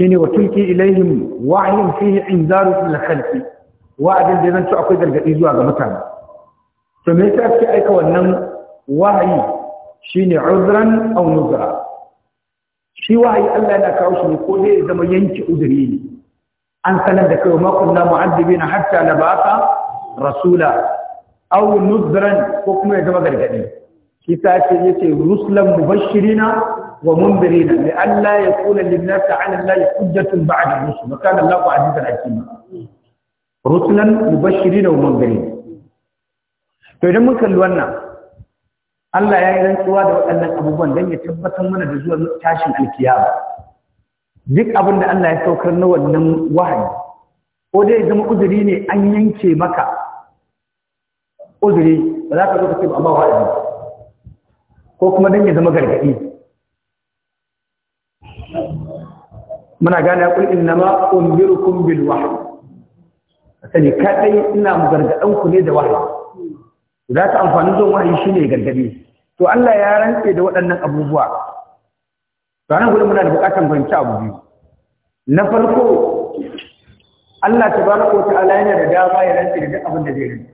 shine wa tulki ilaihim wa'yin fihi inzaru lil khalqi wa'adin da zan ci akwai gargadi zuwa ga mutane to me yasa ake aika wannan wahayi shine uzran aw nuzra shi wahayi Allah yana kawo shi ko dai ya zama yanki udiri ne an sanar da kai ma kunna mu'addibina hatta nabata rasula aw nuzran ko kuma ya zama gargadi shi ta ce yace rusulan mubashirina ومنذرين لئلا يكون للناس على الله حجة بعد الرسل وكان الله عزيزا حكيما رسلا مبشرين ومنذرين to idan mun kalli wannan Allah ya yi rantsuwa da waɗannan abubuwan don ya tabbatar mana da zuwa tashin alkiyama duk abinda Allah ya saukar na wannan wahayi ko dai zama uzuri ne an yanke maka uzuri ba za ka zo ka ce ba amma wahayi ko kuma don ya zama gargaɗi muna gane kul innama umbirukum bil wahyi sani kadai ina gargadan ku ne da wahyi za ta amfani zuwa wahyi shine gargadi to Allah ya rantse da waɗannan abubuwa to anan gurin muna da bukatan fahimci abu biyu na farko Allah tabaraka wa ta'ala yana da dama ya rantse da duk abin da zai rantse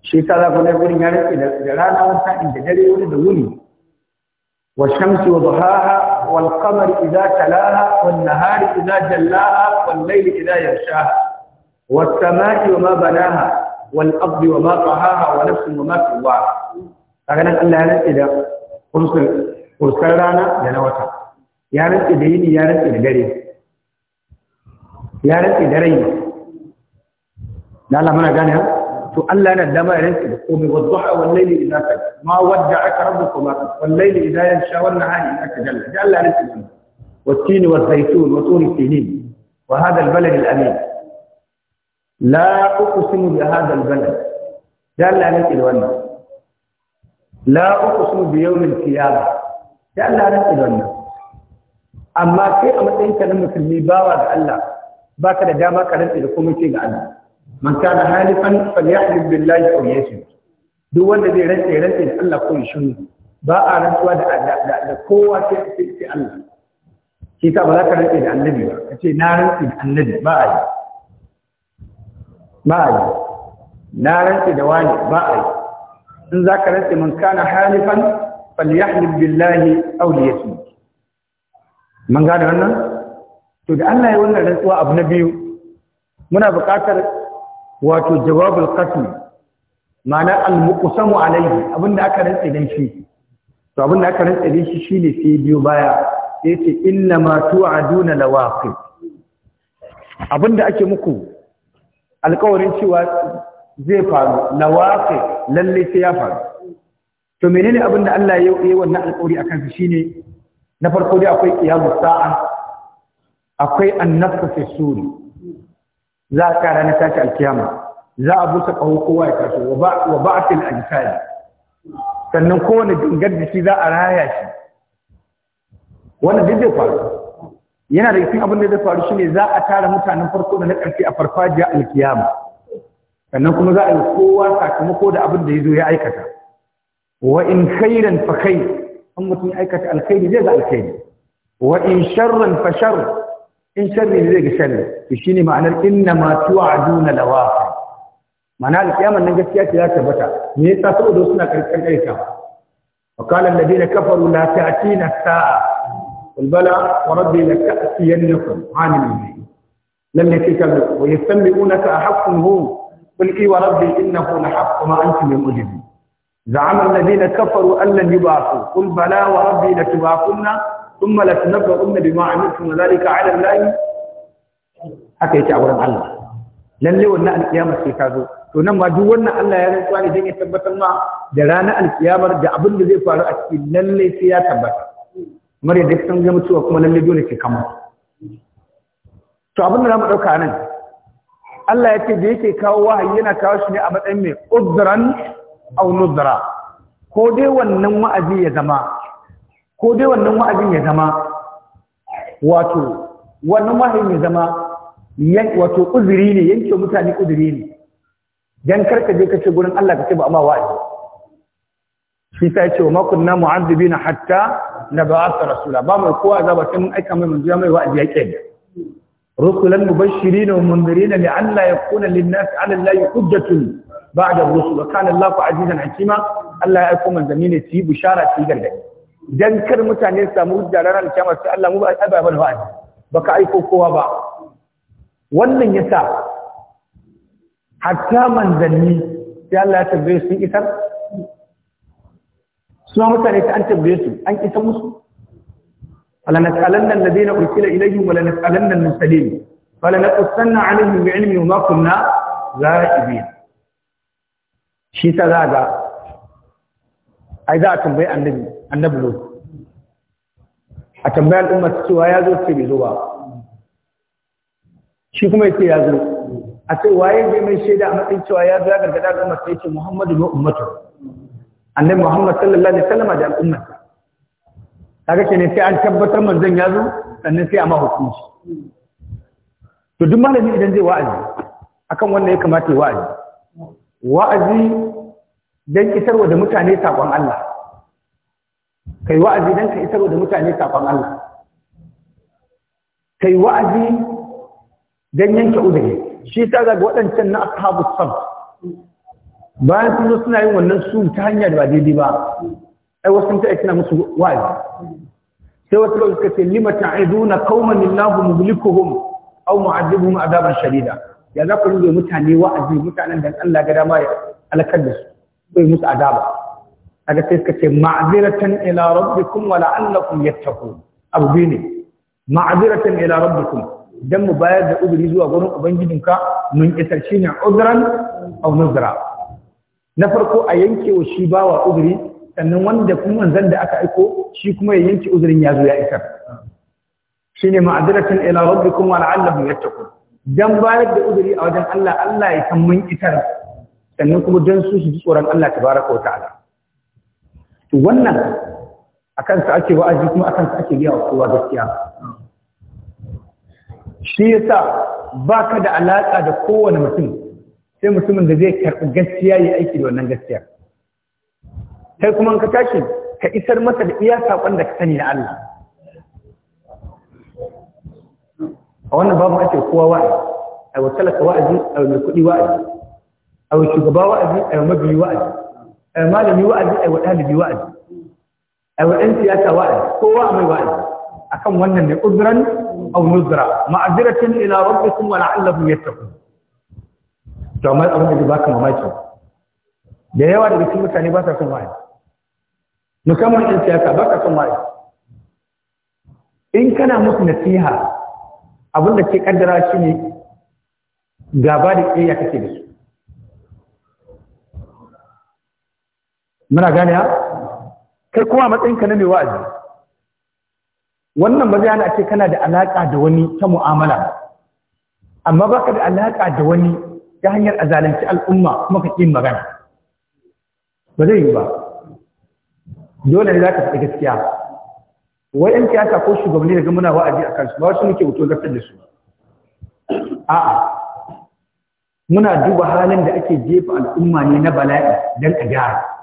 shi ta za ku ne gurin ya rantse da rana wata inda dare wani da wuni wa shamsi wa duhaha والقمر إذا تلاها والنهار إذا جلاها والليل إذا يغشاها والسماء وما بناها والأرض وما طهاها ونفس وما سواها فكان الله يرسل إذا أرسل أرسل رانا جنوتا يا رسل ديني يا رسل دري يا رسل دري لا لا منا قال to Allah yana dama ya rantsa da komai wa duha wal layli idza ta ma wadda'aka rabbuka ma wal layli idza yansha wan nahari idza tajalla Ya Allah rantsa da wa tini wa zaytun wa turi sinin wa hadha al balad al amin la uqsimu bi hadha al balad Ya Allah rantsa da wannan la uqsimu bi yawm al qiyamah da Allah rantsa da wannan amma kai a matsayin ka na musulmi bawa ga Allah baka da dama ka rantsa da komai ce ga Allah man kana halifan falyahlib billahi aw yasmut duk wanda zai rantsa rantse rantsa da Allah ko shi shiru ba a rantsuwa da da kowa sai sai Allah shi ta ba za ka da annabi ba ka ce na rantsa da annabi ba a yi ba a yi na rantsa da wani ba a yi in za ka rantsa man kana halifan falyahlib billahi aw yasmut man gane wannan to da Allah ya wannan rantsuwa abu na biyu muna buƙatar wato jawabul qatl ma'ana al-muqsamu alayhi abinda aka rantsa dan shi to abinda aka rantsa dan shi shine sai biyo baya ce inna ma tu'aduna lawaqi abinda ake muku alƙawarin cewa zai faru lawaqi lalle sai ya faru to menene abinda Allah ya yi wannan alƙawari akan shi shine na farko dai akwai qiyamus sa'a akwai an-nafsu fi suri za a kara na tashi alkiyama za a busa ƙaho kowa ya taso wa ba'atil ajsadi sannan kowane gangar jiki za a raya shi wannan duk zai faru yana da cikin abin da zai faru shine za a tara mutanen farko da na ƙarfi a farfajiya alkiyama sannan kuma za a yi kowa sakamako da abin da ya zo ya aikata wa in khairan fa khair in mutum ya aikata alkhairi zai ga alkhairi wa in sharran fa sharr in sharri zai ga sharri to shine ma'anar inna ma tu'aduna lawaqa ma'ana alƙiyamar nan gaskiya ce ya tabbata me yasa saboda suna karkar karka wa qala alladheena kafaru la ta'tina as-sa'a qul bala wa rabbi la ta'tiyannakum amin lam yakikabu wa yastami'unaka ahaqqun hu قل إي وربي إنه لحق ما أنتم بمجرمين زعم الذين كفروا أن لن يبعثوا قل بلى وربي لتبعثن ثم لتنبؤن بما عملتم وذلك على الله haka yake a wurin Allah lalle wannan alkiyama sai ta zo to nan ma duk wannan Allah ya rantsuwa ne dan ya tabbatar ma da ranar alkiyamar da abin da zai faru a cikin lalle sai ya tabbata mare yadda san ga mutuwa kuma lalle dole sai kama to abin da mu dauka nan Allah ya ce da yake kawo wahayi yana kawo shi ne a matsayin mai udran aw nudra ko dai wannan wa'azi ya zama ko dai wannan wa'azin ya zama wato wannan wa'azin ya zama wato uzuri ne yanke mutane uzuri ne dan karka je kace gurin Allah kace ba amma wa'azi shi ta ce wa makunna na hatta nab'atha rasula ba mai kowa zaba sai mun aika mai manzo mai wa'azi yake da rusulan mubashirin wa mundirin li'alla yakuna lin-nas 'ala Allahi hujjatun ba'da ar-rusul wa kana Allahu 'azizan hakima Allah ya aika manzanni ne su yi bishara su yi gargadi dan kar mutane su samu hujja ranar kiyama sai Allah mu ba ba ba wa'azi baka aiko kowa ba wannan yasa hatta manzanni sai Allah ya tabbe su isar su mutane ta an tabbe su an isa musu wala nas'alanna alladhina ursila ilayhim wala nas'alanna al-mursalin wala naqussanna 'alayhim bi'ilmin ma kunna ghaibin shi ta zaga ai za a tambayi annabi annabi Musa a tambayar al'ummar cewa ya zo ce bai zo ba shi kuma ya ce ya zo a ce waye zai mai shaida a matsayin cewa ya zo ya gargada al'ummar sai ce Muhammadu ne ummatu annabi Muhammad sallallahu alaihi wasallam da al'ummar kaga ne sai an tabbatar manzon ya zo sannan sai a ma hukunci to duk malami idan zai wa'azi akan wannan ya kamata ya wa'azi wa'azi dan kitarwa da mutane sakon Allah kai wa'azi dan ka isar da mutane sakon Allah kai wa'azi dan yanke udare shi ta ga waɗancan na ashabu sab bayan sun zo suna yin wannan su ta hanya da ba daidai ba ai wasu ta aikina musu wa'azi sai wasu kawai suka ce lima ta'iduna qauman illahu muhlikuhum aw mu'adibuhum adaban shadida ya za ku rinje mutane wa'azi mutanen da Allah ga dama ya alakar da su bai musu adaba kaga sai suka ce ma'ziratan ila rabbikum wa la'allakum yattaqun abu ne ma'ziratan ila rabbikum dan mu bayar da uzuri zuwa gurin ubangijinka mun isar shi ne uzran aw nuzra na farko a yanke wa shi bawa uzuri sannan wanda kuma manzon da aka aiko shi kuma ya yanke uzurin ya zo ya isar shine ma'ziratan ila rabbikum wa la'allakum yattaqun dan bayar da uzuri a wajen Allah Allah ya san mun isar sannan kuma dan su su ji tsoron Allah tabaraka wa ta'ala to wannan a kansa ake wa'azi kuma a kansa ake biya wa kowa gaskiya shi ya sa ba ka da alaƙa da kowane mutum sai mutumin da zai karɓi gaskiya ya aiki da wannan gaskiya sai kuma ka tashi ka isar masa da iya saƙon da ka sani na Allah a wannan babu ake kowa wa'azi a wa talaka wa'azi a mai kuɗi wa'azi a wa shugaba wa'azi a mabiyi wa'azi malami wa'azi ai wa dalibi wa'azi ai wa dan siyasa wa'azi kowa mai wa'azi A kan wannan ne udran aw nuzra ma'azratan ila kuma wa la'allahum yattaqun to amma abin da ka mamaki da yawa daga cikin mutane ba sa son wa'azi musamman ɗan siyasa ba ka son wa'azi in kana musu nasiha abin da ke kaddara shi ne gaba da ƙiyayya kake da su muna gane ha kai kuma matsayinka na mai wa'azi wannan ba zai hana ce kana da alaƙa da wani ta mu'amala amma baka da alaƙa da wani ta hanyar a al'umma kuma ka ƙin magana ba zai yi ba dole ne za ka faɗi gaskiya 'yan siyasa ko shugabanni daga muna wa'azi a kansu ba wasu muke wuto gasar da su a'a muna duba halin da ake jefa al'umma ne na bala'i don a gyara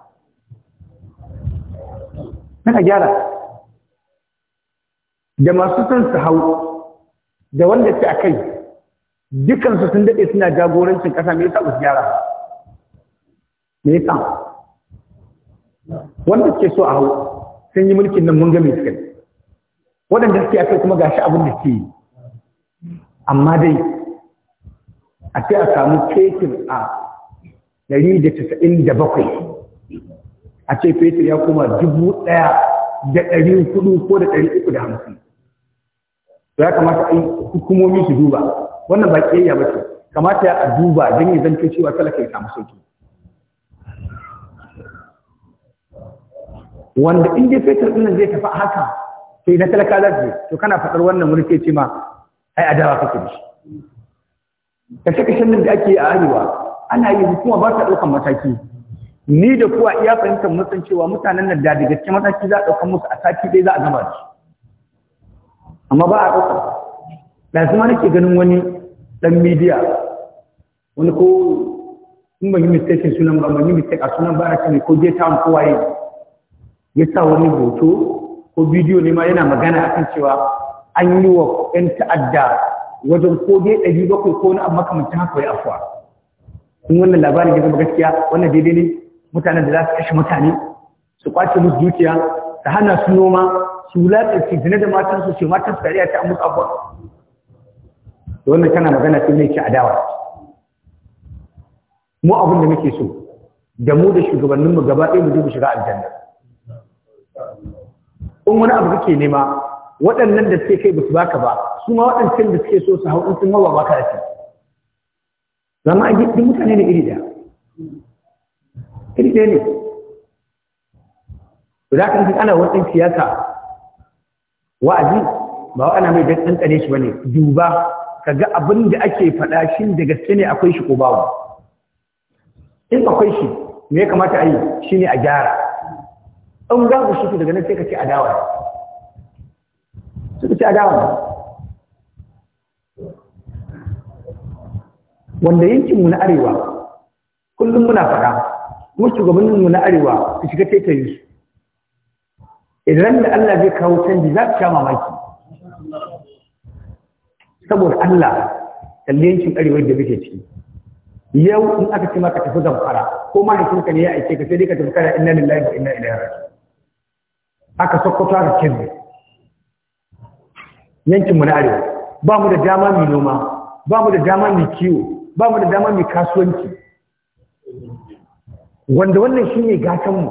sai gyara da masu son su hau da wanda ke a kai dukansu sun daɗe suna jagorancin ƙasa mai yasa su gyara me yasa wanda ke so a hau sun yi mulkin nan mun ga me waɗanda suke a kai kuma gashi abin da ke yi amma dai a ce a samu kekin a bakwai. a ce fetur ya koma dubu ɗaya da ɗari hudu ko da ɗari uku da hamsin to ya kamata a hukumomi su duba wannan ba ƙiyayya ba ce kamata a duba don ya zanto cewa talaka ya samu sauki wanda in dai fetur ɗin zai tafi a haka sai na talaka za su to kana faɗar wannan wani ke ce ma ai adawa kake da shi kashe-kashen nan da ake a arewa ana yi hukuma ba ta ɗaukan mataki ni da kuwa iya fahimtar mutum cewa mutanen nan da da cikin mataki za a ɗaukar musu a sati dai za a gama shi amma ba a ɗaukar da su ma nake ganin wani ɗan midiya wani ko in ban yi mistake sunan ba ban yi mistake a sunan ba na ko je ta ko waye ya sa wani hoto ko bidiyo ne ma yana magana a akan cewa an yi wa 'yan ta'adda wajen ko je ɗari bakwai ko na makamancin haka ya afuwa in wannan labarin ya zama gaskiya wannan daidai ne mutanen da za su kashe mutane su kwace musu dukiya su hana su noma su wulaƙa zina da matan su ce matan tsariya ta musu abuwa da wannan tana magana sai mai ci adawa mu abin da muke so da mu da shugabanninmu gaba ɗaya mu je mu shiga aljanna in wani abu kake nema waɗannan da suke kai ba su baka ba su ma waɗancan da suke so su hau in sun mawa baka da su zama a duk mutane da iri ɗaya kirɗe ne za ka ana wasan siyasa wa'azi ba wa ana mai dan ɗanɗane shi ba ne. duba ka ga abin da ake faɗa shi da gaske ne akwai shi ko babu in akwai shi me ya kamata a yi shi ne a gyara in za ku shi daga nan sai ka ce adawa suka ce adawa wanda yankinmu na arewa kullum muna faɗa kuma shugabanninmu na arewa su shiga taitayin idan da Allah zai kawo canji za su sha mamaki saboda Allah kalliyancin arewa da muke ciki yau in aka ce maka tafi zamfara ko mahaifinka ne ya aike ka sai dai ka tafi kana inna lillahi wa inna ilaihi raji'un aka sokoto aka kirbe yankin mu na arewa ba mu da dama mai noma ba mu da dama mai kiwo ba mu da dama mai kasuwanci wanda wannan shi ne gatanmu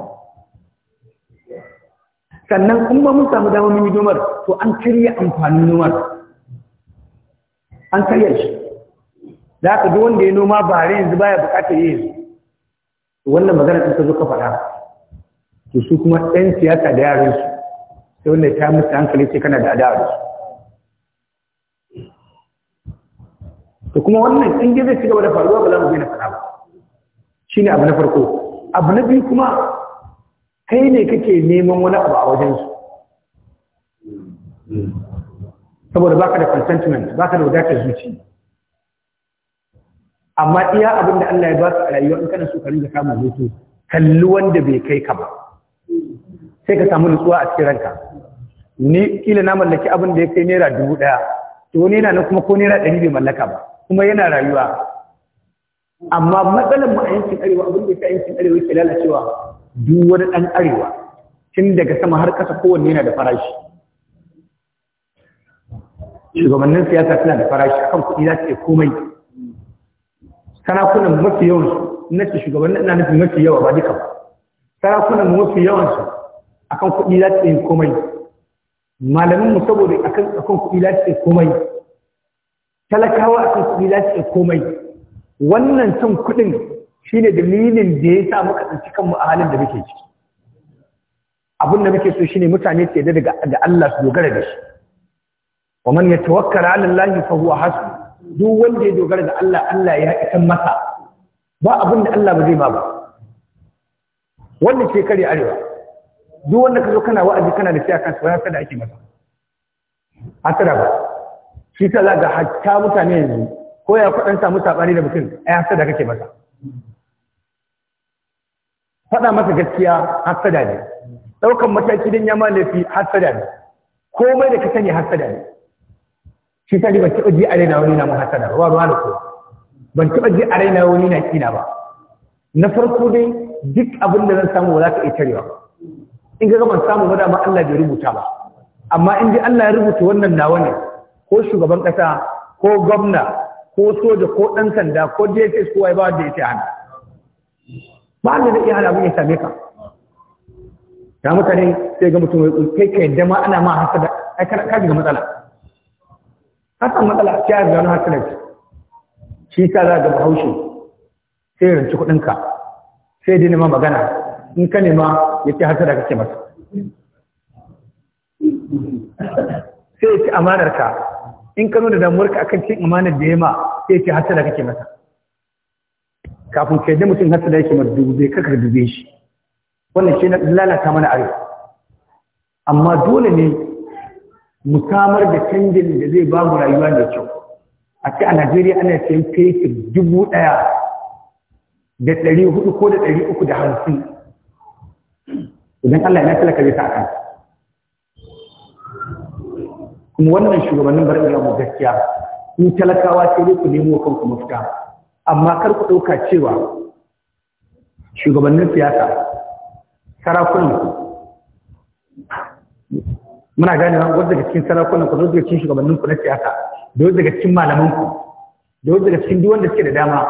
sannan kuma mun samu damar mini nomar to an cire amfanin nomar an karya shi da haka duk wanda ya noma ba a yanzu baya bukatar yi yanzu wannan magana ta zo ka faɗa to su kuma ɗan siyasa da yaran su sai wanda ta musu hankali ce kana da adawar da su to kuma wannan in dai zai ci gaba faruwa ba za mu daina faɗa ba ne abu na farko abu na biyu kuma kai ne kake neman wani abu a wajensu saboda baka da consentment baka da wadatar zuci amma iya abin da Allah ya ba su a rayuwa in kana so ka rinka samun kalli wanda bai kai ka ba sai ka samu nutsuwa a cikin ranka ni kila na mallaki abin da ya kai naira dubu ɗaya to wani na kuma ko naira ɗari bai mallaka ba kuma yana rayuwa amma matsalar mu a yankin arewa abin da ya yankin arewa yake lalacewa duk wani ɗan arewa tun daga sama har ƙasa kowanne yana da farashi shugabannin siyasa suna da farashi akan kuɗi za su iya komai sarakunan mafi yawansu na ce shugabannin ina nufin mafi yawa ba duka ba sarakunan mafi yawansu akan kuɗi za su iya komai malamin mu saboda akan akan kuɗi za su iya komai talakawa akan kuɗi za su iya komai wannan cin kuɗin ne dalilin da ya sa muka tsanci kanmu a halin da muke ciki abin da muke so shi ne mutane su daga da Allah su dogara da shi wa man yatawakkala 'ala Allah fa huwa hasbu duk wanda ya dogara da Allah Allah ya isan masa ba abin da Allah ba zai ba ba wanda ke kare arewa duk wanda ka zo kana wa'azi kana da siya kansa wani da ake masa hasara ba shi ta ga hatta mutane yanzu ko ya faɗan samun saɓani da mutum ai hasada kake masa faɗa masa gaskiya hasada ne ɗaukan mataki don yama laifi hasada ne komai da ka sani hasada ne shi sani ban taɓa ji a raina wani na mu hasada ruwa ruwa na kowa ban taɓa ji a raina wani na kina ba na farko dai duk abin da zan samu ba za ka iya ne ba in ga gaban samu ba dama Allah bai rubuta ba amma in ji Allah ya rubuta wannan nawa ne ko shugaban ƙasa ko gwamna ko soja ko ɗan sanda ko dss ko wai ba da ya ce hana ba da zai iya hana abin ya same ka ya mutane sai ga mutum mai kai kai da ma ana ma hasada ai kana kaji ga matsala hasa matsala matsala a ga hasa da shi sa za ga bahaushe sai ya ranci kuɗinka. sai dai nema magana in ka nema ya ce hasada kake masa sai ya ci amanar ka in ka nuna damuwarka akan cin amanar da yamma sai ce hasala kake masa kafin ka yadda mutum hasala yake mar dubbe kaka dube shi wannan shi na lalata mana arewa amma dole ne mu samar da canjin da zai ba mu rayuwa mai kyau a ce a najeriya ana sayan fetir dubu ɗaya da ɗari hudu ko da ɗari uku da hamsin idan allah ya na talaka ta sa kuma wannan shugabannin bar iya mu gaskiya in talakawa sai ne ku nemo kanku mafita amma kar ku ɗauka cewa shugabannin siyasa sarakunan ku muna gane wa wanda daga cikin sarakunan ku daga cikin shugabannin ku na siyasa da wanda daga cikin malaman ku da wanda daga cikin duk wanda suke da dama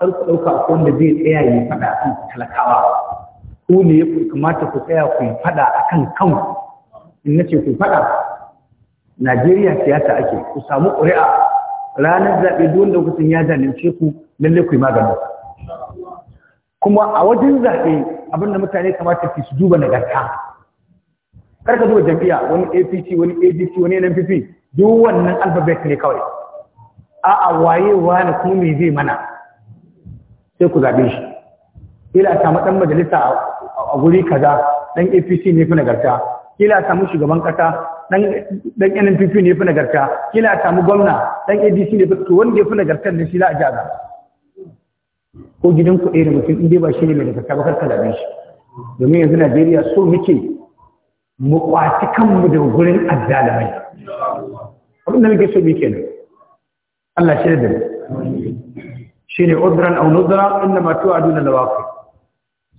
kar ku ɗauka ko wanda zai tsaya ya faɗa akan talakawa ku ne ya kamata ku tsaya ku faɗa akan kanku in nace ku faɗa Najeriya siyasa ake ku samu ƙuri'a ranar zaɓe duk lokacin ya zalunce ku lalle ku yi kuma a wajen zaɓe abin mutane kamata ke su duba nagarta kar ka zuwa jam'iyya wani APC wani ADC wani NPP duk wannan alphabet ne kawai a waye wani kuma me zai mana sai ku zaɓe shi kila a samu ɗan majalisa a guri kaza ɗan APC ne fi nagarta kila a samu shugaban ƙasa dan NPP ne fi nagarta kila a samu gwamna dan ADC ne fi to wanda ya fi nagarta ne shi za a jaga ko gidan ku ɗaya da mutum in ba shi ne mai nagarta ba kar ka zabe shi domin yanzu Najeriya so muke mu kwaci kanmu da gurin azzalamai abin da muke so mu kenan Allah shi da shi ne udran aw nudra ma tu'aduna lawaqi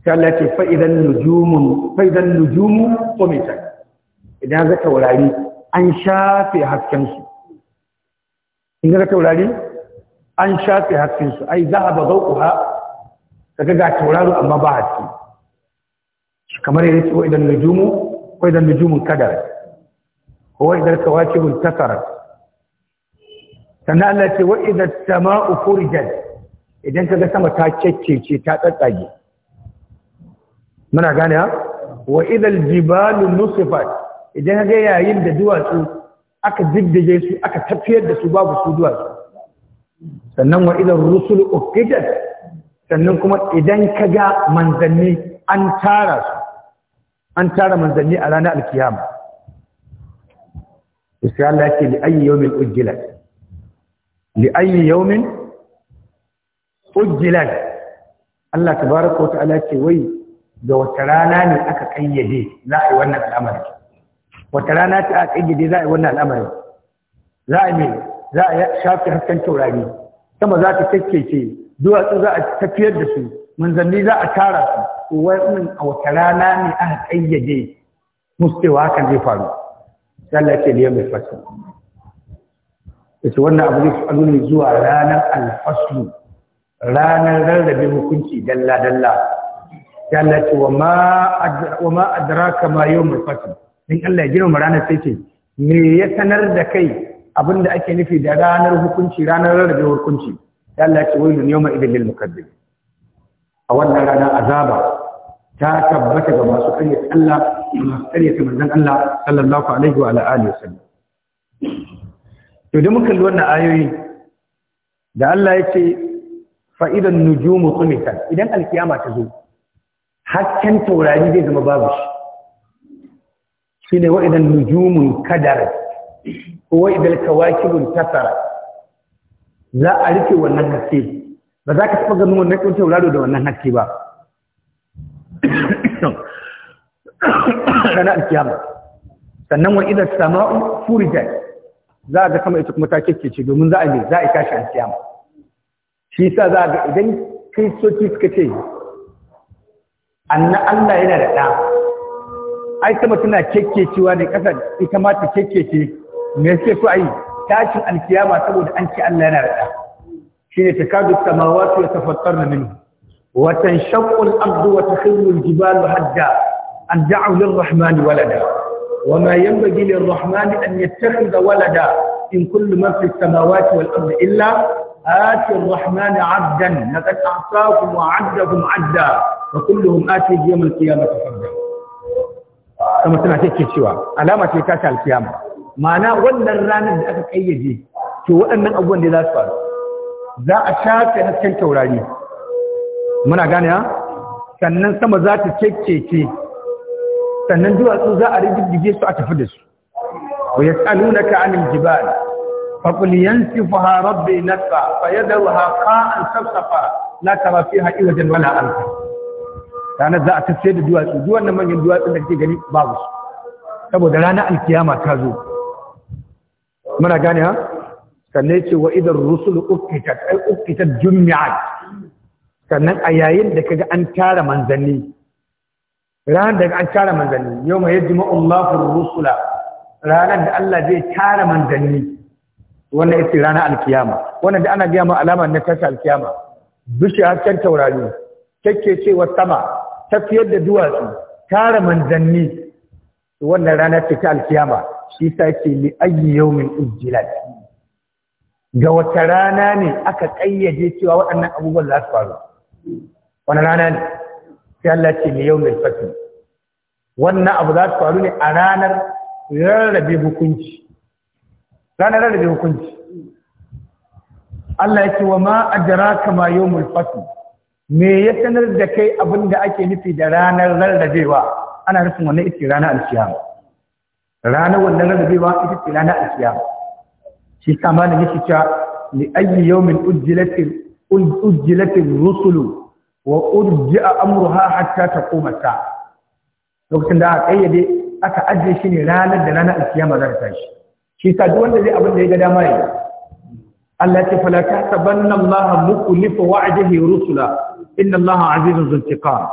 sai Allah ce fa idan nujumun fa idan nujumu qumitat idan ga taurari an shafe haskensu in ga taurari an shafe haskensu ai zahaba zauquha kaga ga tauraro amma ba haske kamar yadda cewa idan nujumu ko idan nujumun kadar ko idan kawakibun tasara sannan Allah ce wa idan sama'u furijat idan ka ga sama ta ceccece ta tsatsage muna gane ha wa idan jibalu nusifat idan ga yayin da duwatsu aka diddige su aka tafiyar da su babu su duwatsu sannan wa idan rusul uqidat sannan kuma idan ka ga manzanni an tara su an tara manzanni a ranar alkiyama sai Allah yake da ayyi yawmin ujjilat li ayyi yawmin ujjilat Allah tabaraka wa ta'ala ce wai ga wata rana ne aka kayyade za a yi wannan al'amari wata rana ta a kayyade za a yi wannan al'amarin za a yi za a shafi hasken taurari sama za ta kakkece duwatsu za a tafiyar da su manzanni za a tara su wannan a wata rana ne aka kayyade mustewa hakan zai faru Allah ce liya mai fasu yace wannan abu zai faru ne zuwa ranar alfaslu ranar rarrabe hukunci dalla dalla Allah ce wa ma adraka ma yawmul fasl in Allah ya girma ranar sai ce me ya sanar da kai abin da ake nufi da ranar hukunci ranar rarrabewar hukunci ya Allah ce wai dun yawma idil lil a wannan rana azaba ta tabbata ga masu karya Allah masu karya ta manzon Allah sallallahu alaihi wa alihi wasallam to da muka wannan ayoyi da Allah ya ce fa idan nujumu tumitan idan alkiyama ta zo hasken taurari zai zama babu shi shi ne wa’idan nujumun kadar ko wa idan kawakibun tasara za a rike wannan haske ba za ka taɓa ganin wannan kuncin wurado da wannan haske ba rana kiyama sannan wa idan sama'u furijat za a ga sama ita kuma ta kekece domin za a ne za a a kiyama shi sa za a ga idan kai soki suka ce anna Allah yana da ɗa ai sama tana kekkecewa ne kasa ita ma ta kekkece me yake so ai tashin alkiyama saboda an ci Allah yana rada shine takadu samawati wa tafattarna minhu wa tanshaqqu al-ardu wa takhirru al-jibalu hadda an da'u lir-rahmani walada wa ma yanbaghi lir-rahmani an yattakhidha walada in kullu man fi samawati wal-ardi illa آتي الرحمن عبدا لقد أعطاكم وعدكم عدا وكلهم آتي يوم القيامة فردا sama suna take cewa alama ce ta alkiyama ma'ana wannan ranar da aka kayyade to waɗannan abubuwan da za su faru za a shafe hasken taurari muna gane ha sannan sama za ta kekkece sannan duwatsu za a rijiddige su a tafi da su wa yas'alunaka 'anil jibal فقل ينسفها ربي نسفا فيذرها قاء سفسفا لا ترى فيها عوجا ولا ألفا ranar za a tafiye da duwatsu duwan wannan manyan duwatsun da kake gani babu su saboda rana alkiyama ta zo muna gane ha sannan ce wa idan rusul ukkitat ai ukkitat jumi'at sannan a yayin da kaga an tara manzanni ranar da an tara manzanni yau mai yajma Allahu rusula ranar da Allah zai tara manzanni wannan ita ranar alkiyama wannan da ana gaya ma alama na tashi alkiyama bishiyar can taurari take cewa sama tafiyar da duwatsu tara manzanni wannan ranar ce ta alkiyama shi ta ce li ayyi yawmin ujjilat ga wata rana ne aka kayyade cewa waɗannan abubuwan za su faru wani rana ne sai Allah ce li yawmin fatih wannan abu za su faru ne a ranar rarrabe hukunci ranar rarrabe hukunci Allah ya ce wa ma adraka ma yawmul fatih me ya sanar da kai abin da ake nufi da ranar rarrabewa ana nufin wannan ita ranar alkiyama ranar wannan rarrabewa ita ce ranar alkiyama shi sa malam yake cewa li ayyi yawmin ujjilat ujjilat rusulu wa urji'a amruha hatta taquma sa lokacin da aka kayyade aka ajiye shi ne ranar da ranar alkiyama za ta tashi shi sa duk wanda zai abin da ya ga dama ya Allah ya ce fala ta tabanna Allah mukhlifu wa'dihi rusula إن الله عزيز ذو انتقام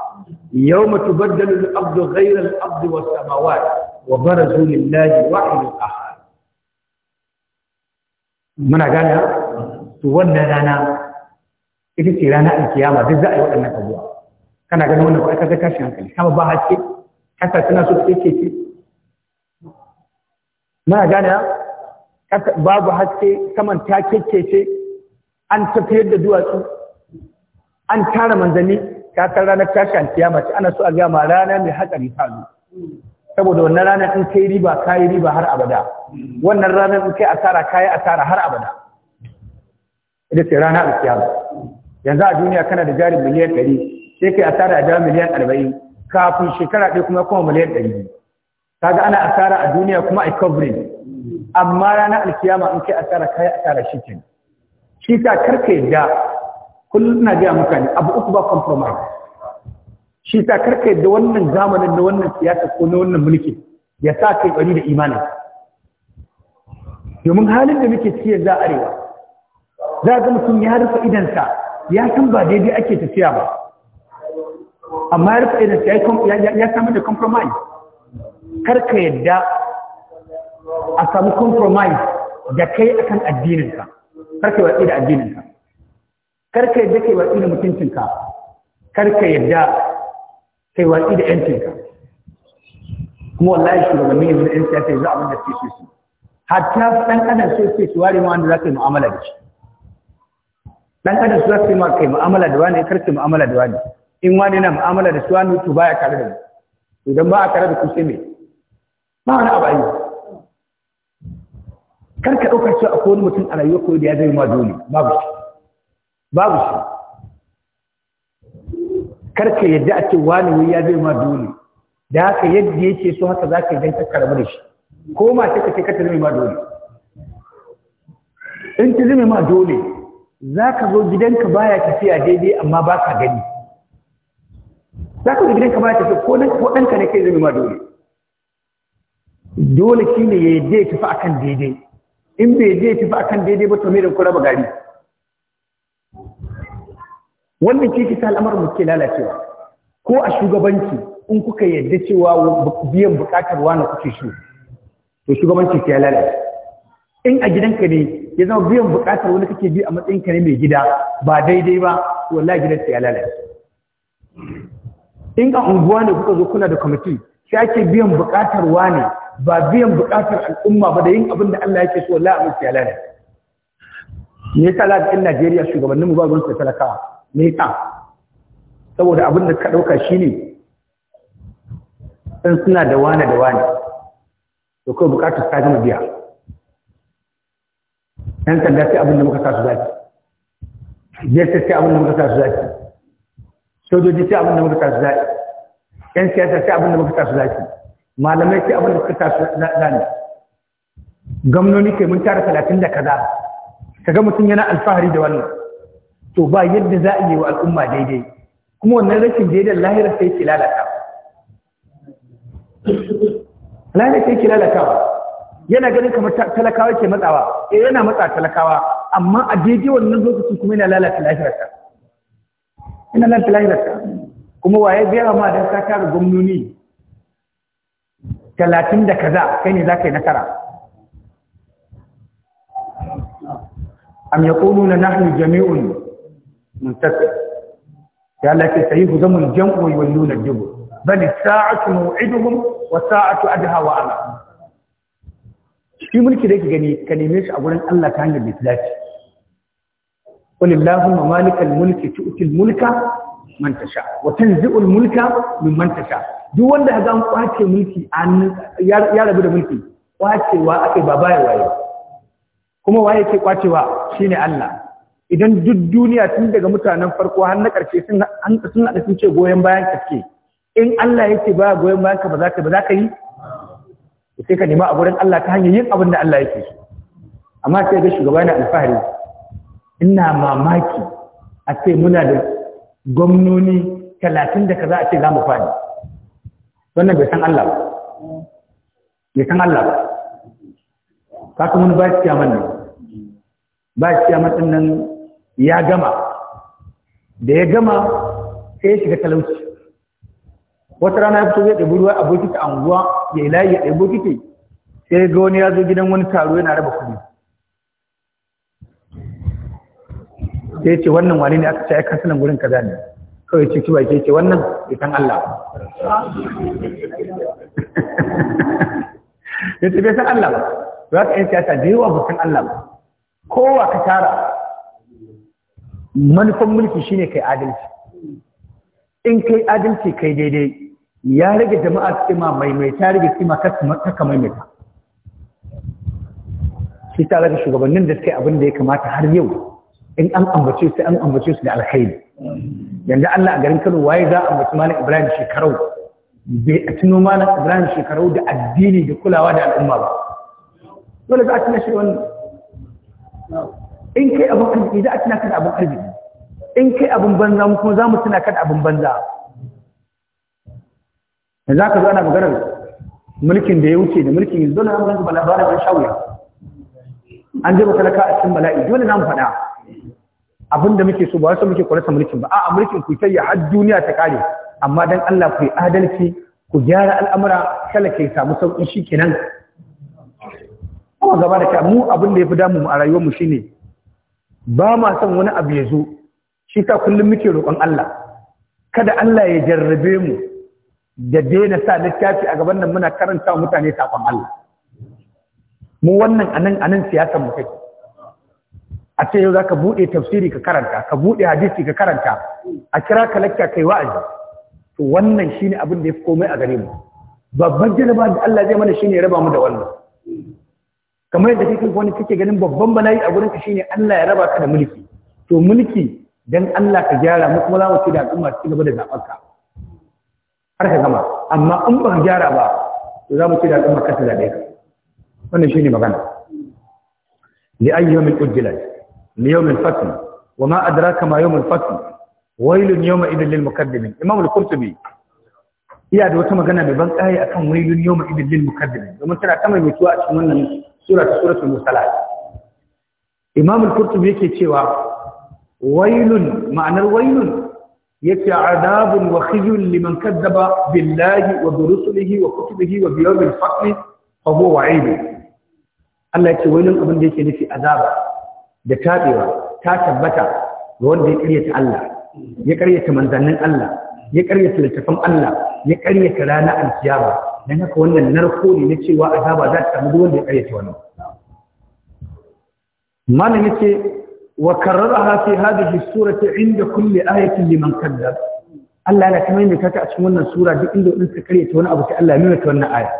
يوم تبدل الأرض غير الأرض والسماوات وبرزوا لله وحي الأحد منا قال تولى لنا إذن تيرانا الكيامة بزاء وأنا أيوة تبوا كان قال لنا أكا ذكا شانكالي كما باحت حتى تناسو في كي كي منا قال بابا حتى كمان تاكي كي كي أن تفيد دواتو an tara manzanni ka san ranar tashin kiyama ce ana so a gama rana mai hatsari ta zo saboda wannan ranar in kai riba kai riba har abada wannan ranar in kai asara kai asara har abada ita ce rana alkiyama yanzu a duniya kana da jari miliyan 100 sai kai asara a jari miliyan 40 kafin shekara ɗaya kuma kuma miliyan 100 kaga ana asara a duniya kuma a covering amma ranar alkiyama in kai asara kai asara shi ke shi ta karka yadda kullum ina gaya mutane abu uku ba compromise shi ta karka yadda wannan zamanin da wannan siyasa ko na wannan mulki ya sa kai bari da imanin domin halin da muke ciki yanzu arewa za ga mutum ya rufe idansa ya san ba daidai ake tafiya ba amma ya rufe idansa ya samu da compromise karka yadda a samu compromise da kai akan addininka karka watsi da addininka karka yadda kai watsi da mutuncinka karka yadda kai watsi da yancinka kuma wallahi shugabanni yanzu da yan siyasa yanzu abin da suke su hatta dan adam sai sai su ware ma wanda za ka yi mu'amala da shi dan adam su za su yi ma kai mu'amala da wani karka mu'amala da wani in wani na mu'amala da su wani to baya tare da mu idan ba a tare da ku sai me ba wani abu ayi karka ɗaukar cewa akwai wani mutum a rayuwa ko da ya zai ma dole babu shi babu shi karka yadda a ce wani wai ya zai ma dole da haka yadda yake so haka za ka ganta karbi da shi ko ma ta kace ka zama ma dole in ki zama ma dole za ka zo gidanka baya tafiya daidai amma ba ka gani za ka zo gidanka baya tafiya ko ɗanka ne kai zama ma dole dole shi ne ya yadda ya tafi akan daidai in bai yadda ya tafi akan daidai ba to me da kura ba gari wannan ke sa al'amarin muke ke lalacewa ko a shugabanci in kuka yadda cewa biyan bukatar wani kuke shi to shugabanci ke lalace in a gidanka ne ya zama biyan bukatar wani kake bi a matsayin ka ne mai gida ba daidai ba wallahi gidan ya lalace in a unguwa ne kuka zo kuna da kwamiti sai ake biyan bukatar wani ba biyan bukatar al'umma ba da yin abin da Allah yake so wallahi abin ya lalace me yasa lafiyan Najeriya shugabanninmu ba ruwan talakawa me saboda abin da ka shi ne san suna da wane da wane da kawai bukatar ta gama biya ɗan sanda sai abin da muka sa su zaki jesa sai abin da muka sa su zaki sojoji sai abin da muka sa su zaki yan siyasa sai abin da muka sa su zaki malamai sai abin da muka sa su zaki gwamnoni kai mun tara talatin da kaza kaga mutum yana alfahari da wannan to ba yadda za a yi wa al'umma daidai kuma wannan rashin daidai lahira sai ke lalata lahira sai ke lalata yana ganin kamar talakawa ke matsawa eh yana matsa talakawa amma a daidai wannan lokacin kuma yana lalata lahirarsa ina lalata lahirarsa kuma waye biya ma dan ka tara gwamnoni talatin da kaza kai ne za ka yi nasara am yaquluna nahnu jami'un muntasir ya Allah ce sai ku zama jam'u wa yuluna dubu bal sa'atu maw'iduhum wa sa'atu adha wa ala shi mulki da yake gani ka neme shi a gurin Allah ta hanyar bislati qul allahumma malikal mulki tu'til mulka man tasha wa tanzi'ul mulka mimman tasha duk wanda ga an kwace mulki ya rabu da mulki kwacewa akai ba kuma waye ke kwacewa ne Allah idan duk duniya tun daga mutanen farko har na ƙarshe sun haɗa sun ce goyon bayan ka suke in Allah ya ce ba goyon bayan ka ba za ka ba za ka yi sai ka nema a gurin Allah ta hanyar yin abin da Allah yake so amma sai ga shugaba na alfahari ina mamaki a ce muna da gwamnoni talatin da kaza a ce za mu fadi wannan bai san Allah ba bai san Allah ba ka kuma ba shi kiyaman nan ba shi kiyaman ɗin nan ya gama da ya gama sai ya shiga talauci wata rana ya fito zai ɗabi ruwa a bokiti a unguwa ya layi ya ɗabi bokiti sai ga wani ya zo gidan wani taro yana raba kuɗi sai ce wannan wani ne aka ce ai kasanan gurin kaza ne kawai ce kiwa ke ce wannan ya san Allah ya ce bai san Allah ba za ka yi siyasa da yawa ba san Allah ba kowa ka tara manufan mulki shine kai adalci in kai adalci kai daidai ya rage jama'a tsima mai ta rage tsima kaka maimaita shi ta rage shugabannin da suke abin da ya kamata har yau in an ambace su an ambace su da alkhairi yanzu Allah a garin Kano waye za a ambaci malam Ibrahim shekarau bai a tuno malam Ibrahim shekarau da addini da kulawa da al'umma ba dole za a tuna shi wannan in kai abin arziki za a tuna kada abin arziki in kai abin banza mu kuma za mu tuna kada abin banza da za ka zo ana maganar mulkin da ya wuce da mulkin yanzu dole na mu ranzu balabarin an shawuya an je laka a cikin bala'i dole na mu faɗa abin da muke so ba wasu muke kwarasa mulkin ba a'a mulkin ku sai ya har duniya ta kare amma dan Allah ku yi adalci ku gyara al'amura kala ke samu sauƙi kenan kuma gaba da mu abin da ya fi damu a rayuwarmu shine ba ma son wani abu ya zo shi ta kullum muke roƙon Allah kada Allah ya jarrabe mu da daina sa littafi a gaban nan muna karanta mutane saƙon Allah mu wannan anan anan siyasar mu kai a ce yau zaka bude tafsiri ka karanta ka bude hadisi ka karanta a kira ka lakka kai wa'azi to wannan shine abin da yafi komai a gare mu babban jaraba da Allah zai mana shine ya raba mu da wannan kamar yadda kake wani kake ganin babban bala'i a gurin ka shine Allah ya raba ka da mulki to mulki dan Allah ka gyara mu kuma za mu ci da al'umma su gaba da zaɓar ka har ka gama amma in ba ka gyara ba to za mu ci da al'umma ka ta zaɓe ka wannan shine magana li ayyamin ujjilat li yawmin fatl wa ma adraka ma yawmul fatl wailun yawma idin lil mukaddimin imam al-qurtubi iya da wata magana mai ban kai akan wailun yawma idin lil mukaddimin domin tana ta mai mutuwa a cikin wannan sura ta suratul musalat imam al-qurtubi yake cewa wailun ma'anar wailun yake adabun wa khizyun liman kadzaba billahi wa bi rusulihi wa kutubihi wa bi yawmil fatl fa huwa wa'id Allah yake wailun abin da yake nufi azaba da tabewa ta tabbata ga wanda ya karyata Allah ya karyata manzannin Allah ya karyata littafin Allah ya karyata ranar alkiyama dan haka wannan narko ne na cewa azaba za ta samu duk wanda ya kayyata wannan malam ce wa karraraha fi hadhihi surati inda kulli ayatin liman kaddab Allah yana kamar yadda kaka a cikin wannan sura duk inda in suka karyata wani abu sai Allah ya nuna ta wannan aya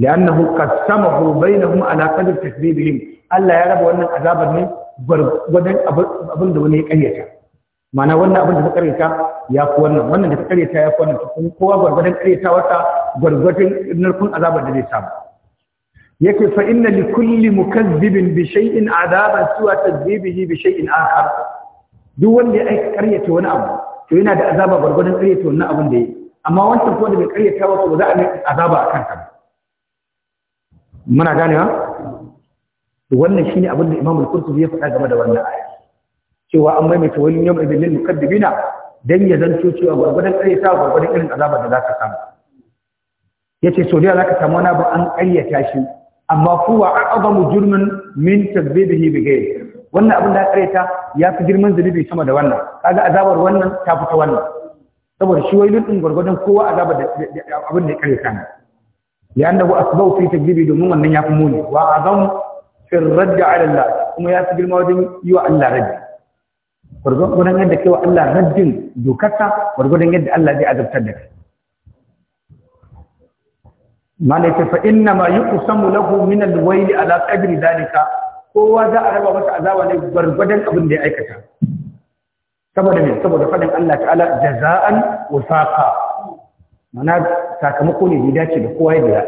لأنه قسمه بينهم على قدر تكذيبهم Allah ya raba wannan azabar ne gwargwadon abin da wani ya karyata mana wannan abin da ta karyata ya fi wannan wannan da ta karyata ya fi wannan kuma kowa gwargwadon karyatawarsa gwargwadon narkun azabar da zai samu yake fa inna li kulli mukazzibin bi shay'in azaban suwa tadbibihi bi shay'in akhar duk wanda ya karyata wani abu to yana da azaba gwargwadon karyata wannan abin da yi. amma wancan ko da bai karyata ba to za a mai azaba a kanka muna ganewa wannan shine abin da Imam al-Qurtubi ya faɗa game da wannan aya cewa an maimaita wani yawm ibn lil mukaddibina dan ya zanto cewa gwargwadon karyata gwargwadon irin azaba da za ka samu yace so da zaka samu wani abu an ƙaryata shi amma huwa a'zamu jurmin min tadbibihi bi ghayr wannan abin da ƙaryata ya fi girman zunubi sama da wannan kaga azabar wannan ta fi ta wannan saboda shi wailun din gurgurdan kowa azabar da abin da ƙaryata ne ya annahu asbau fi tadbibi domin wannan ya fi muni wa azam fi radd ala Allah kuma ya fi girma wajen yi wa Allah raddi gurgurdan yadda kai wa Allah raddin dokarsa gurgurdan yadda Allah zai azabtar da kai malaka fa inna ma yuqsamu lahu min al-wayl ala qadri dalika kowa za a raba masa azaba ne gwargwadon abin da ya aikata saboda me saboda fadin Allah ta'ala jaza'an wasaqa mana sakamako ne da dace da kowa ya biya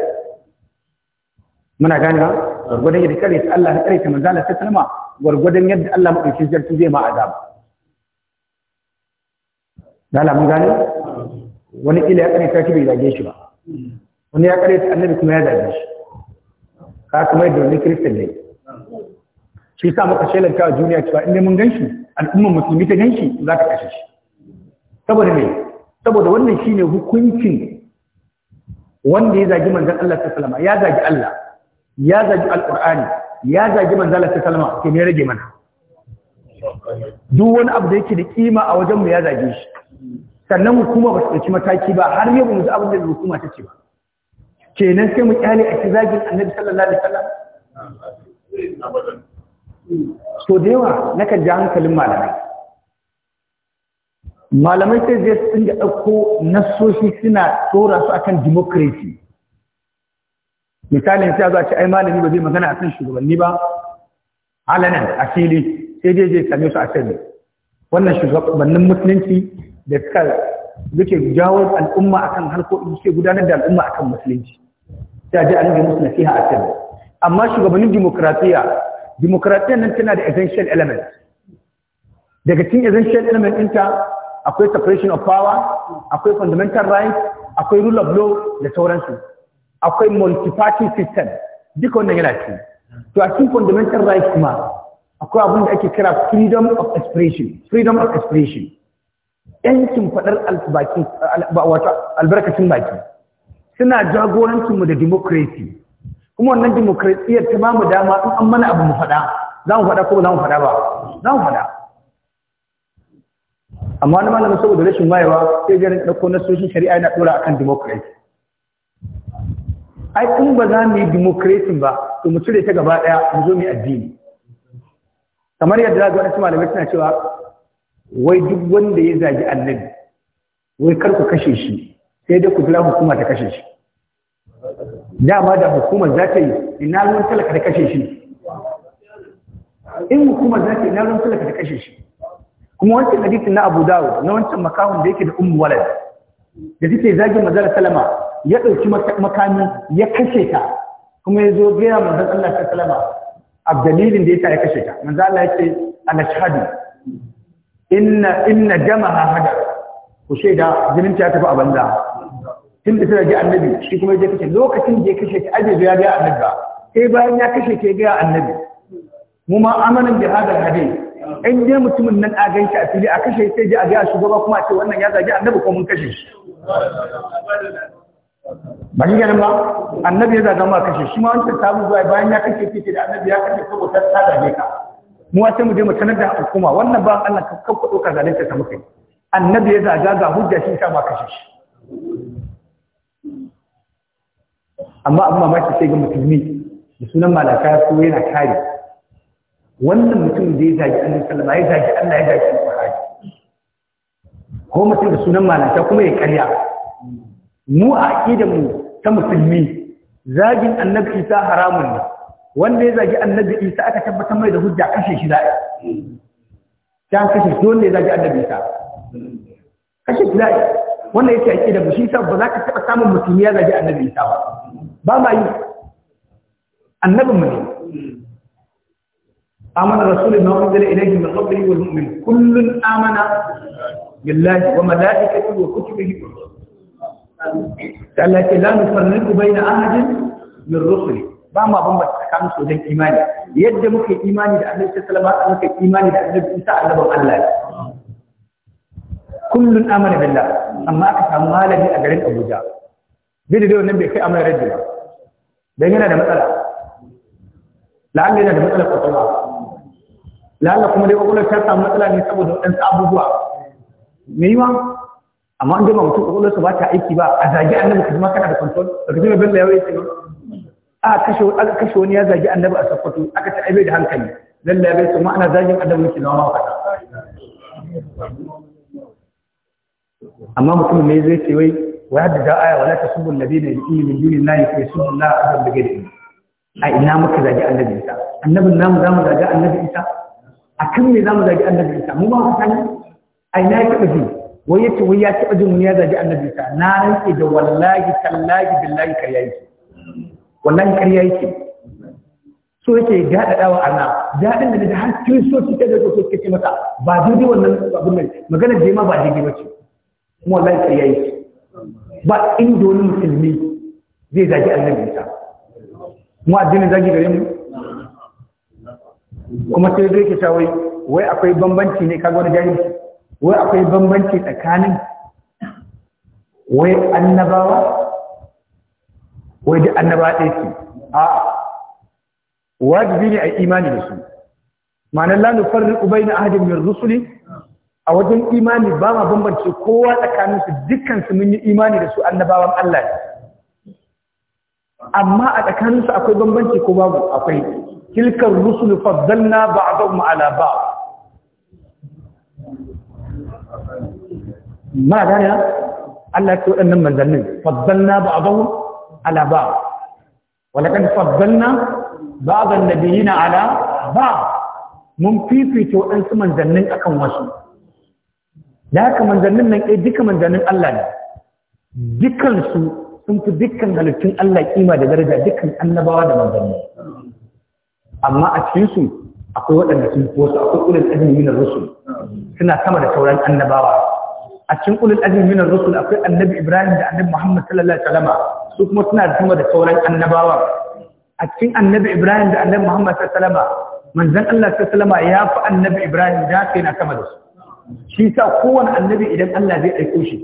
muna gane ba gwargwadon yadda kare ta Allah kare ta manzala ta kalma gwargwadon yadda Allah madaukakin sarki wani ila bai zage shi ba wani ya kare annabi kuma ya zabe shi ka kuma da wani kristan ne shi sa muka shelanta wa duniya cewa in mun ganshi al'ummar musulmi ta ganshi za ta kashe shi saboda me saboda wannan shine hukuncin wanda ya zagi manzon Allah sallallahu alaihi ya zagi Allah ya zagi alqur'ani ya zagi manzon Allah sallallahu alaihi wasallam rage mana duk wani abu da yake da kima a wajen mu ya zage shi sannan hukuma ba su dauki mataki ba har yau mu abin da hukuma ta ce ba kenan sai mu kyale a zagin annabi sallallahu alaihi wasallam so da yawa na kan ji hankalin malamai malamai sai zai sun ga ɗauko nassoshi suna tsora su akan democracy misalin sai za ci ai malami ba zai magana a kan shugabanni ba Alana, a fili sai dai zai same su a sirri wannan shugabannin musulunci da suka suke jawo al'umma akan harkokin suke gudanar da al'umma akan musulunci ta ji a rage musu nasiha a can amma shugabannin demokratiya demokratiya nan tana da essential element daga cin essential element ɗinta akwai separation of power akwai fundamental rights akwai rule of law da sauransu akwai multi-party system duka wannan yana ci to a cin fundamental rights kuma akwai abin da ake kira freedom of expression freedom of expression yancin faɗar albarkacin baki suna jagorancin mu da demokrasi kuma wannan demokrasiyyar ta mu dama in an mana abu mu faɗa za mu faɗa ko za mu faɗa ba za mu faɗa amma wani malamin saboda rashin wayewa sai garin ɗauko na soshin shari'a yana ɗora akan demokrasi ai in ba za mu yi demokrasi ba to mu cire ta gaba ɗaya mu zo mu addini kamar yadda za ga wani malamai suna cewa wai duk wanda ya zagi annabi wai kar ku kashe shi sai dai ku jira hukuma ta kashe shi dama da hukumar za ta yi ina ruwan talaka ta kashe shi in hukumar za ta yi ina ruwan talaka ta kashe shi kuma wancan hadisi na Abu Dawud na wancan makamun da yake da Ummu Walad da take zagin manzon salama ya dauki makami ya kashe ta kuma ya zo gaya manzon Allah ta salama abdalilin da yasa ya kashe ta manzon Allah yake shahadu inna inna jama'a hada ku shaida jinin ta tafi a banza tun da suna ji annabi shi kuma ya kashe lokacin da ya kashe ta aje ya ga annabi ba sai bayan ya kashe ta ya ga annabi mu ma amanan da hadar hadin in dai mutumin nan a ganshi a fili a kashe sai ji a ga shugaba kuma a ce wannan ya zagi annabi ko mun kashe shi ba ni ganin ba annabi ya zaga ma kashe shi ma wancan ta zuwa bayan ya kashe kike da annabi ya kashe saboda ta zage ka mu sai mu je mu sanar da hukuma wannan ba Allah ka kakko doka zalunta ta muke annabi ya zaga ga hujja shi ta ma kashe shi amma ba mamaki sai ga musulmi da sunan malaka ya yana kare wannan mutum da ya zagi annabi wasallam ya zagi Allah ya zagi Qur'ani ko mutum da sunan malaka kuma ya karya mu a aqidar mu ta musulmi zagin annabi isa haramun ne wanda ya zagi annabi isa aka tabbatar mai da hujja kashe shi da'i ta kashe dole ya zagi annabi isa kashe shi za'a wannan yake ake da mu shi ba za ka taɓa samun musulmi ya zagi annabi isa ba ba ma yi annabin mu ne amana rasulun ma unzila ilayhi min qablihi wal mu'min kullun amana billahi wa malaikatihi wa kutubihi Allah ke la nufarriqu bayna ahadin min rusuli ba ma bambanta tsakanin su wajen imani yadda muke imani da annabi sallallahu alaihi wasallam muke imani da annabi Isa annabin Allah kullun amana billah amma aka samu malami a garin abuja duk da wannan bai kai amai rajin ba Dan yana da matsala la'alla yana da matsala kwakwalwa la'alla kuma dai kwakwalwar ta samu matsala ne saboda waɗansu abubuwa me yi ma amma an jima mutum kwakwalwarsa ba ta aiki ba a zagi annabi kuma kana da control da kuma bello ya wuce a kashe aka kashe wani ya zagi annabi a sakkwato aka ta aibe da hankali lalle ya bai su ma ana zagin annabi muke zama wa kasa amma mutum ne zai ce wai wa yadda da aya wala tasubbu alladhina yad'una min duni llahi fa yasubbu llaha adan bi ghayri a ina muka zagi annabi isa annabin namu zamu zagi annabi isa akan me zamu zagi annabi isa mu ba mu sani a ina ya taba ji wai yace wai ya taba jin wani ya zagi annabi isa na rantsi da wallahi tallahi billahi kariya yake wallahi kariya yake so yake daɗaɗawa ana daɗin da da har kiristoci ta da ko suke ce mata ba daidai wannan abin nan maganar da ma ba daidai ba ce kuma wallahi ya yayi ba inda wani musulmi zai zagi annabi Isa mu addinin zagi gare mu kuma sai zai ke wai wai akwai bambanci ne kaga wani jahilci wai akwai bambanci tsakanin wai annabawa wai da annaba ɗaya ce a'a wajibi ne a imani da su ma'anar la rikubai na ahadin min rusuli a wajen imani ba ma bambance kowa tsakaninsu dukkansu mun yi imani da su annabawan Allah ne amma a tsakaninsu akwai bambance ko babu akwai tilkar rusul faddalna ba'dhum ala ba'd ma ne Allah ya waɗannan manzannin faddalna ba'dhum ala ba'd walakin faddalna ba'd an-nabiyina ala ba'd mun fifito fifita su manzannin akan wasu da haka manzannin nan ɗaya eh, duka manzannin Allah ne dukansu sun fi dukkan halittun Allah kima da daraja dukkan annabawa da manzanni amma a cikinsu akwai waɗanda sun fi wasu akwai ulul azmi min rusul suna sama da sauran annabawa a cikin ulul azmi min rusul akwai annabi Ibrahim da annabi Muhammad sallallahu alaihi wasallam su kuma suna sama da sauran annabawa a cikin annabi Ibrahim da annabi Muhammad sallallahu alaihi wasallam manzon Allah sallallahu alaihi wasallam ya fi annabi Ibrahim da kai na sama da su shi sa kowane annabi idan Allah zai aiko shi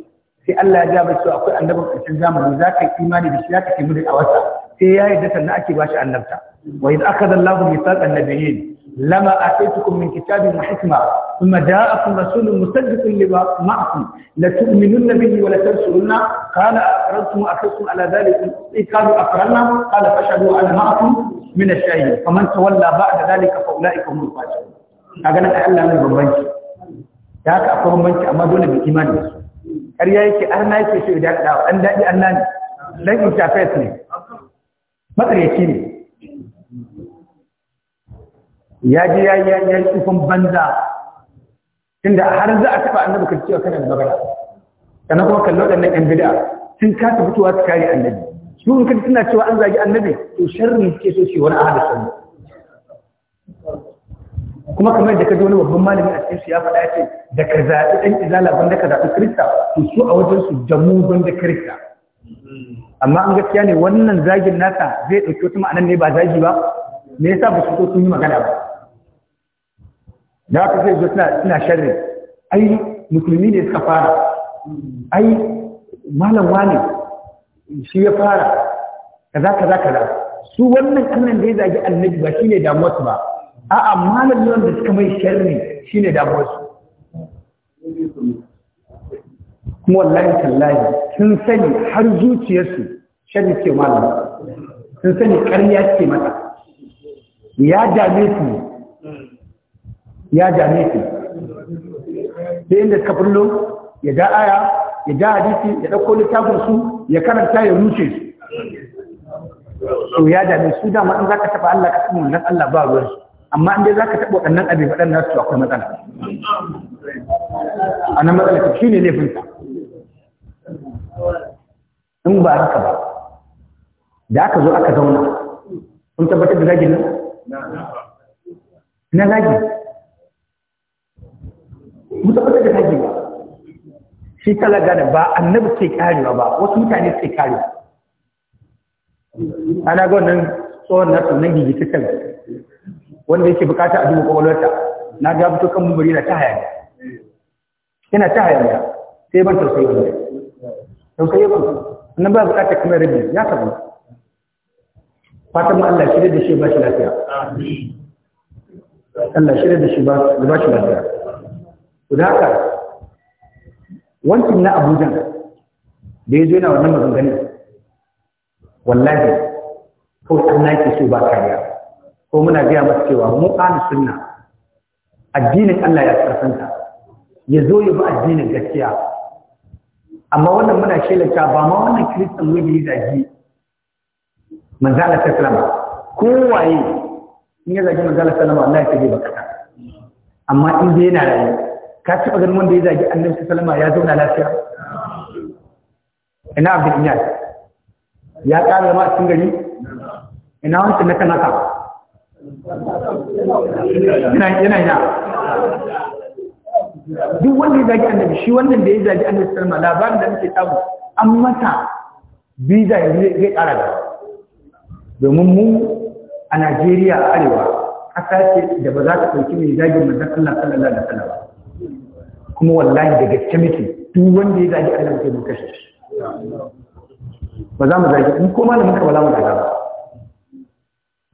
sai Allah ya ga cewa akwai annabin ƙarshen zamani za ka yi imani da shi za ka kai a awarsa sai ya yarda sannan ake bashi annabta wa idh akhadha Allahu mithaqan nabiyyin lama a ataitukum min kitabin wa hikma thumma ja'akum rasulun musaddiqun lima ma'akum la tu'minunna bihi wa la tansurunna qala a wa akhadhtum ala dhalikum qalu aqrarna qala fashhadu ana ma'akum min ash-shahidin faman tawalla ba'da dhalika fa ulaika humul fasiqun kaga nan Allah ne bambanci da haka akwai bambanci amma dole mu imani da su ƙarya yake na yake shi idan da an daɗi Allah ne dan interface ne matsaryaci ne ya je ya ya ya tsufan banza tunda har za a taɓa annabi ka cewa kana da magana Kana kuma kallon waɗannan 'yan bid'a sun kasa fitowa su kare annabi su in kaji suna cewa an zagi annabi to sharri suke so shi wani ahadin sunna kuma kamar da ka ji wani babban malami a cikin su ya faɗa ce da ka zaɓi ɗan izala gwanda ka zaɓi kirista to su a wajen su da mu gwanda kirista amma an gaskiya ne wannan zagin nasa zai ɗauki wata ma'anar ne ba zagi ba me yasa ba su so sun yi magana ba da aka sai zo suna sharri ai musulmi ne suka fara ai malam wane shi ya fara kaza kaza kaza su wannan annan da ya zagi annabi ba shine damuwarsu ba a'a malam yawan da suka mai sharri ne damuwar su kuma wallahi tallahi sun sani har zuciyarsu sharri ce malam sun sani ƙarya ce mata ya dame su ya dame su da inda suka fullo ya da aya ya da hadisi ya ɗauko littafin su ya karanta ya rushe su to ya dame su dama in za ka taɓa Allah ka samu nan Allah ba ruwansu amma inda za ka taɓa waɗannan abin faɗan nasu akwai matsala a nan matsala ta shi ne laifinsa in ba haka ba da aka zo aka zauna sun tabbatar da zagin nan na zagi mu tabbatar da zagi ba shi talaga da ba annabi ke karewa ba wasu mutane ke karewa ana ga wannan tsohon na nan gigita kan wanda yake bukata a duba kwakwalwarta na ga fito kan mumbari na ta hayaniya yana ta hayaniya sai ban tausayi wanda tausayi ban wannan ba bukata kamar rabi ya sabu fatan mu Allah shirya da shi ba shi lafiya Allah shirya da shi ba shi lafiya to da haka wancin na Abuja da ya zo yana wannan maganganun wallahi Ko Allah yake so ba kariya ko muna biya masa cewa mu ahlus sunna addinin Allah ya tsarkanta ya zo ya bi addinin gaskiya amma wannan muna shelanta ba ma wannan kristan wai bai zagi manzala Allah sallama waye in ya zagi manzala sallama Allah ya kaje baka amma in dai yana rayu ka taba ganin wanda ya zagi annabi sallama ya zauna lafiya ina abin ya ya kare ma cikin gari ina wancan na kanaka yana yana duk wanda ya zagi annabi shi wannan da ya zagi annabi sallama labarin da muke samu an mata biza yanzu zai kara da domin mu a Najeriya a arewa ƙasa ce da ba za ta ɗauki mai zagin manzon Allah sallallahu alaihi wasallam kuma wallahi da gaske muke duk wanda ya zagi annabi sai mun kashe shi ba za mu zagi in ko malamin ka ba za mu zagi ba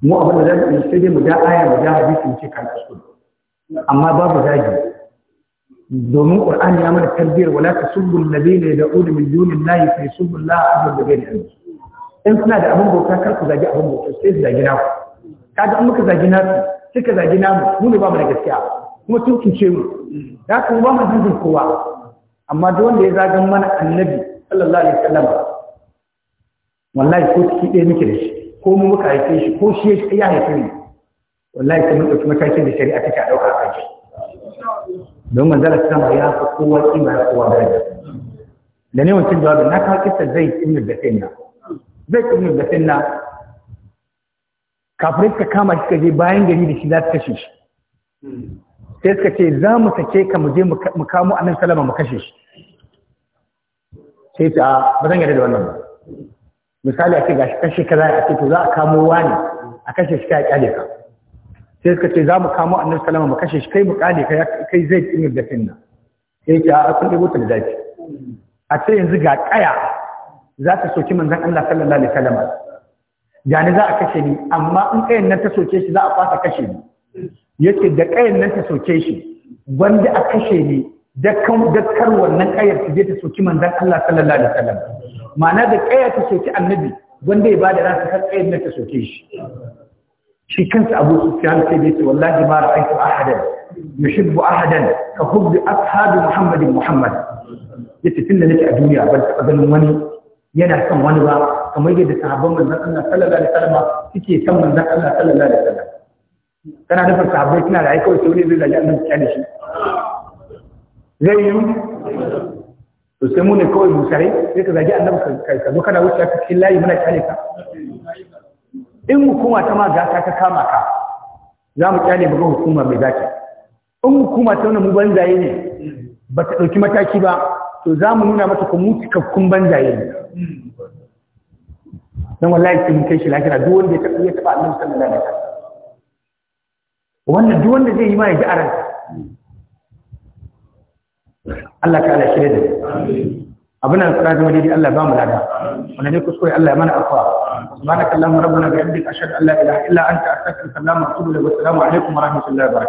mu abin da za mu sai dai mu ja aya mu ja hadisi mu ce kan kasu amma babu zagi domin qur'ani ya mana tarbiyar wala tasubbu alladhina yad'una min dunillahi fa yasubbu allaha adwa da ghairi ilm in suna da abin bauta kar ku zagi abin bauta sai su zagi naku kaga in muka zagi naku sai ka zagi namu mu ne bamu da gaskiya kuma sun cuce mu da kuma ba mu jinjin kowa amma duk wanda ya zagan mana annabi sallallahu alaihi wasallam wallahi ko ciki ɗaya muke da shi ko mu muka haife shi ko shi ya haife ni wallahi sai mun ɗauki matakin da shari'a take a ɗauka kan shi don manzala sama ya fi kowa kima ya kowa daraja da ne wancan jawabi na kawo kisa zai ibnu da sinna zai ibnu da sinna kafirai suka kama shi ka je bayan gari da shi za ta kashe shi sai suka ce za mu sake ka mu je mu kamo annabi salama mu kashe shi sai ta ba zan yarda da wannan ba misali a ce gashi kashe kaza a ce to za a kamo wani a kashe shi kai kyale ka sai suka ce za mu kamo annabi sallama mu kashe shi kai mu kyale ka kai zai kimir da finna sai ya a kun dubuta da dace a ce yanzu ga kaya za ta soki manzon Allah sallallahu alaihi wasallam ga ni za a kashe ni amma in kayan nan ta soke shi za a fasa kashe ni yace da kayan nan ta soke shi wanda a kashe ni da kan dakkar wannan kayar ta je ta soki manzon Allah sallallahu alaihi wasallam ma'ana da kaya ta soki annabi wanda ya ba bada ransa kan kayan na ta soke shi shi kansa abu sufyan sai ya ce wallahi ma ra'aytu ahadan yuhibbu ahadan ka hubbi ashabi muhammadin muhammad Ya yace tunda nake a duniya ban taɓa ganin wani yana son wani ba kamar yadda sahabban manzon Allah sallallahu alaihi wasallam suke son manzon Allah sallallahu alaihi wasallam kana nufin sahabbai suna da aikawai sai wani zai zaji annabi kyale shi zai yi to sai mu ne kawai musare sai ka zagi annabi ka zo kana wuce ka cikin layi muna kyale ka in hukuma ta ma gata ta kama ka za mu kyale mu ga hukuma mai zaki in hukuma ta mu banzaye ne ba ta ɗauki mataki ba to za mu nuna mata ku mu cikakkun banzaye ne dan wallahi sai mun kai shi lafiya duk wanda ya taɓa ya taɓa annabi sallallahu alaihi wasallam wannan duk wanda zai yi ma ya ji aran Allah ka ala shirya da abin da suka zama daidai Allah ba mu lada wani ne kuskure Allah ya mana afuwa subhanakallahumma rabbana bihamdika ashhadu an la ilaha illa anta astaghfiruka wa atubu ilayk wa assalamu alaikum wa rahmatullahi wa barakatuh